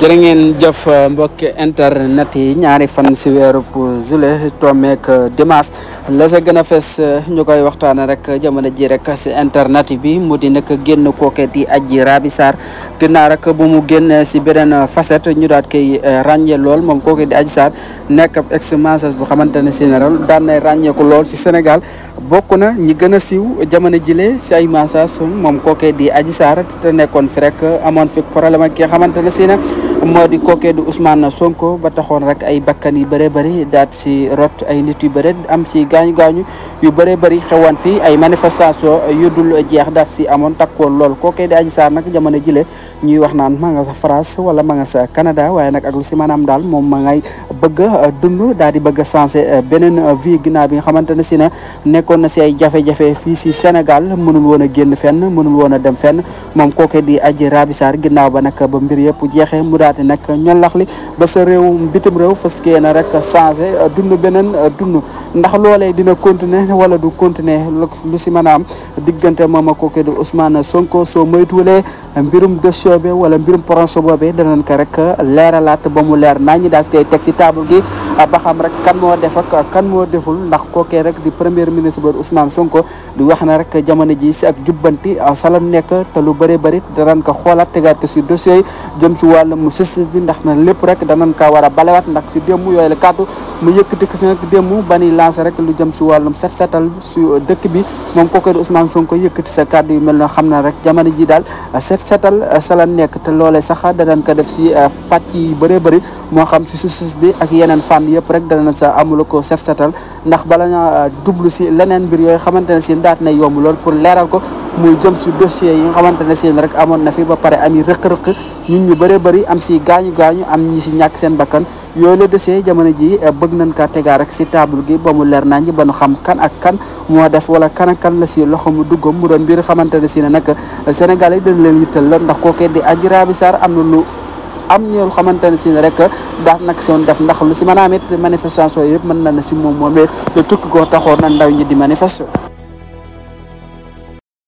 jërë ngeen jëf euh, mbokk internet yi ñaari fan si weeru juillet tombeek euh, dimanche la sa gën a fees euh, ñu koy waxtaane rek jamono ji rek si internet bi mu di nag génn kooke di Adji Raby Sarr ginnaaw rek bu mu génn si beneen facette ñu daat koy ràññee lool moom kooke di Adji Sarr nekk ab ex-masseuse bu xamante ne général daan nay ràññeeku lool si Sénégal bokk na ñi gën a siiw jamono jile si ay massage moom kooke di Adji Sarr te nekkoon fi rek amoon fi problème ak ki xamante ne si modi koke du di Ousmane Sonko ba taxoon rek ay bakkan si rot ay nit yu bëri am si gaañu gaañu yu bëree bëri xewoon fii ay manifestation yu jeex daat si amoon takkoon lol koke di Adji Sarr nag jamono jile ñuy wax naan ma nga sa France wala ma nga sa Canada waaye nag ak lu si maanaam daal moom ma ngay bëgg a dund di bëgg a vie bi nga ne na si ay jafe-jafe fi si Sénégal mënul woon a fenn mënul woon dem fenn moom kookee di Adji Raby Sarr ginnaaw ba nag ba mbir mu daal di nag ñolax li ba sa réewum bitim réew fas yéene rek changé euh, dund beneen euh, dund ndax loolee dina continuer wala du continuer lu si mën a am diggante moom ak kooku di Ousmane Sonko soo moytuwulee Eh, mbirum dossier bi wala mbirum projet boobee danañ ko rek eh, leeralaat ba mu leer naa ñi daal koy teg ci taabu gi eh, a xam rek kan moo def ak kan moo deful ndax kookee rek di premier ministre ba Ousmane sunko di wax na rek jamono ji si ak jubbanti salam nekk te lu bëri bëri danañ ko xoolaat tegaat si dossier jëm si wàllum justice bi ndax na lépp rek danañ ko war a balewaat ndax si démb yooyu la kàddu mu yëkkati ko si nag ba ni lancé rek lu jëm si wàllum set si dëkk bi moom kookee Sonko yëkkati sa kàddu yu mel noonu xam na rek jamono ji daal setal euh, salan nekk te loole sax danañ ko def si euh, pàcc yi bëree bëri moo xam si suuf bi ak yeneen fànn yëpp rek danañ sa amul ko set setal ndax bala na jublu euh, si leneen mbir yooyu xamante ne si daat na yomb lool pour leeral ko muy jëm si dossier yi nga amon seen rek amoon na fi ba pare ami rëq-rëq ñun ñu bëree bëri am si gaañu gaañu am ñi si ñàkk seen bakkan yooyu la dossier jamono ji eh, bëgg nañ kaa tegaa rek si table gi ba mu ba xam kan ak kan def wala kan ak kan la si loxo mu duggam mu doon mbir xamante ne si ne nag eh, Sénégal yi dañ leen yittal la ndax kookee di Adji Raby Sarr am na lu am ñoo xamante ne si ne rek def ndax lu manifestation na na ndaw ñi di manifester